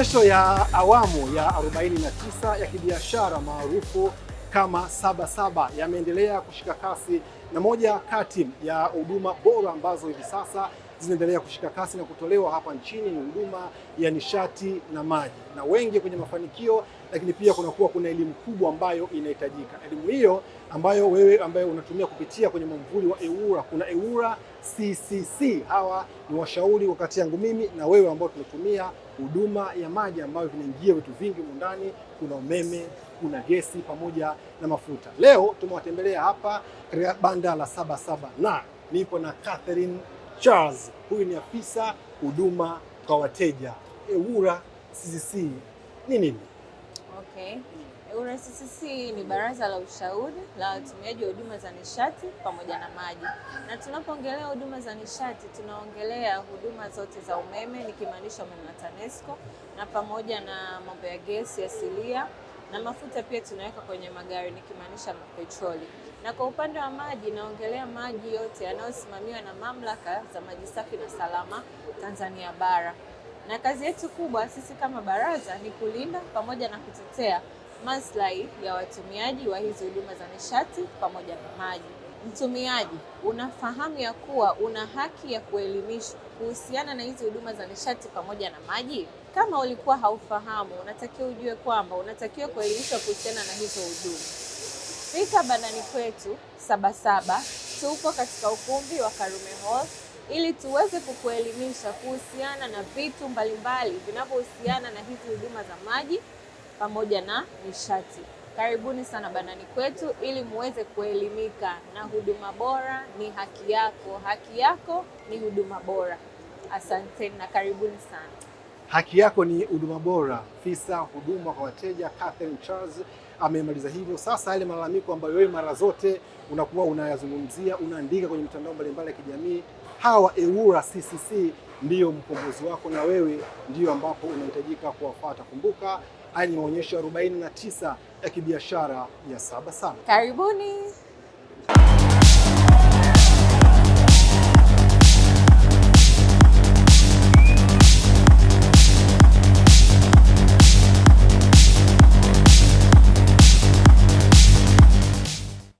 Maonyesho ya awamu ya 49 ya kibiashara maarufu kama Sabasaba yameendelea kushika kasi na moja kati ya huduma bora ambazo hivi sasa zinaendelea kushika kasi na kutolewa hapa nchini ni huduma ya nishati na maji, na wengi kwenye mafanikio, lakini pia kunakuwa kuna elimu kubwa ambayo inahitajika. Elimu hiyo ambayo wewe ambayo unatumia kupitia kwenye mwamvuli wa EWURA, kuna EWURA CCC. Hawa ni washauri wakati yangu mimi na wewe ambao tunatumia huduma ya maji ambayo vinaingia vitu vingi mundani, kuna umeme kuna gesi pamoja na mafuta. Leo tumewatembelea hapa katika banda la Sabasaba na nipo na Catherine Charles, huyu ni afisa huduma kwa wateja EWURA CCC ni nini? Okay. EWURA CCC ni baraza la ushauri la watumiaji wa huduma za nishati pamoja na maji, na tunapoongelea huduma za nishati tunaongelea huduma zote za umeme nikimaanisha umeme wa TANESCO na pamoja na mambo ya gesi asilia na mafuta pia tunaweka kwenye magari nikimaanisha petroli. Na kwa upande wa maji, naongelea maji yote yanayosimamiwa na mamlaka za maji safi na salama Tanzania bara, na kazi yetu kubwa sisi kama baraza ni kulinda pamoja na kutetea maslahi ya watumiaji wa hizi huduma za nishati pamoja na maji mtumiaji unafahamu ya kuwa una haki ya kuelimishwa kuhusiana na hizi huduma za nishati pamoja na maji? Kama ulikuwa haufahamu, unatakiwa ujue kwamba unatakiwa kuelimishwa kuhusiana na hizo huduma. Fika bandani kwetu Sabasaba, tupo katika ukumbi wa Karume Hall ili tuweze kukuelimisha kuhusiana na vitu mbalimbali vinavyohusiana na hizi huduma za maji pamoja na nishati. Karibuni sana Banani kwetu ili muweze kuelimika, na huduma bora ni haki yako, haki yako ni huduma bora. Asanteni na karibuni sana. Haki Yako ni huduma bora, fisa huduma kwa wateja Catherine Charles amemaliza hivyo. Sasa yale malalamiko ambayo wewe mara zote unakuwa unayazungumzia, unaandika kwenye mitandao mbalimbali ya kijamii, hawa EWURA CCC ndiyo mkombozi wako na wewe ndiyo ambapo unahitajika kuwafuata. Kumbuka haya ni maonyesho 49 ya kibiashara ya Sabasaba. Karibuni.